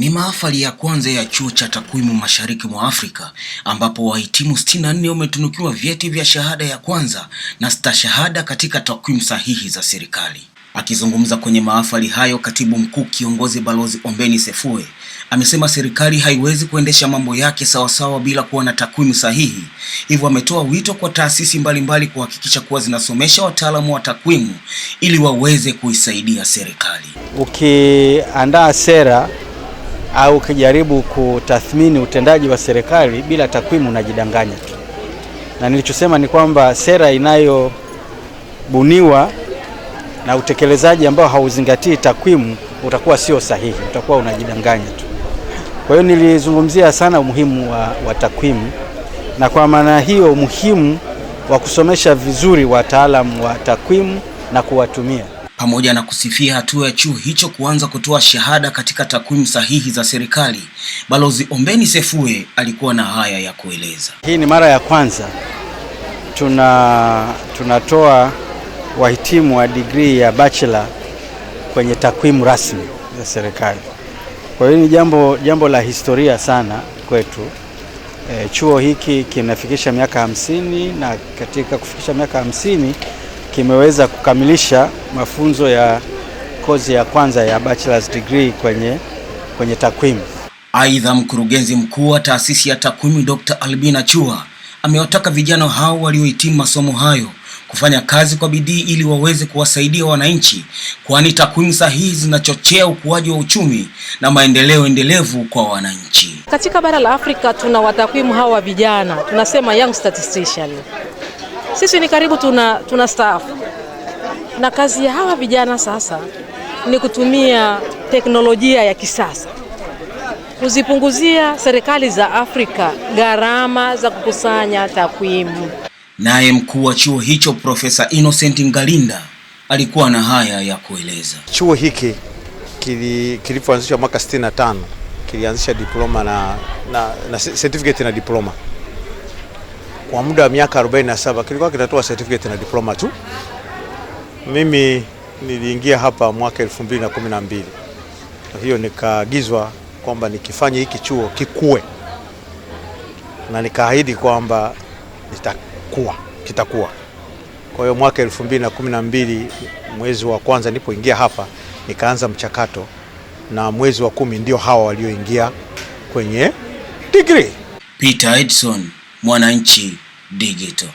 Ni mahafali ya kwanza ya Chuo cha Takwimu Mashariki mwa Afrika ambapo wahitimu 64 wametunukiwa vyeti vya shahada ya kwanza na stashahada katika takwimu sahihi za serikali. Akizungumza kwenye mahafali hayo, Katibu Mkuu Kiongozi Balozi Ombeni Sefue amesema serikali haiwezi kuendesha mambo yake sawasawa bila kuwa na takwimu sahihi. Hivyo ametoa wito kwa taasisi mbalimbali kuhakikisha kuwa zinasomesha wataalamu wa takwimu ili waweze kuisaidia serikali. Ukiandaa sera au ukijaribu kutathmini utendaji wa serikali bila takwimu unajidanganya tu, na nilichosema ni kwamba sera inayobuniwa na utekelezaji ambao hauzingatii takwimu utakuwa sio sahihi, utakuwa unajidanganya tu. Kwa hiyo nilizungumzia sana umuhimu wa, wa takwimu na kwa maana hiyo umuhimu wa kusomesha vizuri wataalamu wa takwimu na kuwatumia pamoja na kusifia hatua ya chuo hicho kuanza kutoa shahada katika takwimu sahihi za serikali, Balozi Ombeni Sefue alikuwa na haya ya kueleza. Hii ni mara ya kwanza tuna tunatoa wahitimu wa digrii ya bachelor kwenye takwimu rasmi za serikali. Kwa hiyo ni jambo, jambo la historia sana kwetu. E, chuo hiki kinafikisha miaka hamsini na katika kufikisha miaka hamsini kimeweza kukamilisha mafunzo ya kozi ya kwanza ya bachelor's degree kwenye, kwenye takwimu. Aidha, mkurugenzi mkuu wa taasisi ya takwimu Dr. Albina Chua amewataka vijana hao waliohitimu masomo hayo kufanya kazi kwa bidii ili waweze kuwasaidia wananchi, kwani takwimu sahihi zinachochea ukuaji wa uchumi na maendeleo endelevu kwa wananchi. Katika bara la Afrika tuna watakwimu hawa wa vijana, tunasema young statistician. Sisi ni karibu tuna, tuna staff na kazi ya hawa vijana sasa ni kutumia teknolojia ya kisasa kuzipunguzia serikali za Afrika gharama za kukusanya takwimu. Naye mkuu wa chuo hicho Profesa Innocent Ngalinda alikuwa na haya ya kueleza. Chuo hiki kilipoanzishwa mwaka 65 kilianzisha diploma na, na, na certificate na diploma kwa muda wa miaka 47 kilikuwa kinatoa certificate na diploma tu. Mimi niliingia hapa mwaka 2012 kwa hiyo nikaagizwa kwamba nikifanye hiki chuo kikue, na nikaahidi kwamba nitakuwa kitakuwa. Kwa hiyo mwaka 2012 mwezi wa kwanza nilipoingia hapa nikaanza mchakato, na mwezi wa kumi ndio hawa walioingia kwenye degree. Peter Edson Mwananchi Digital.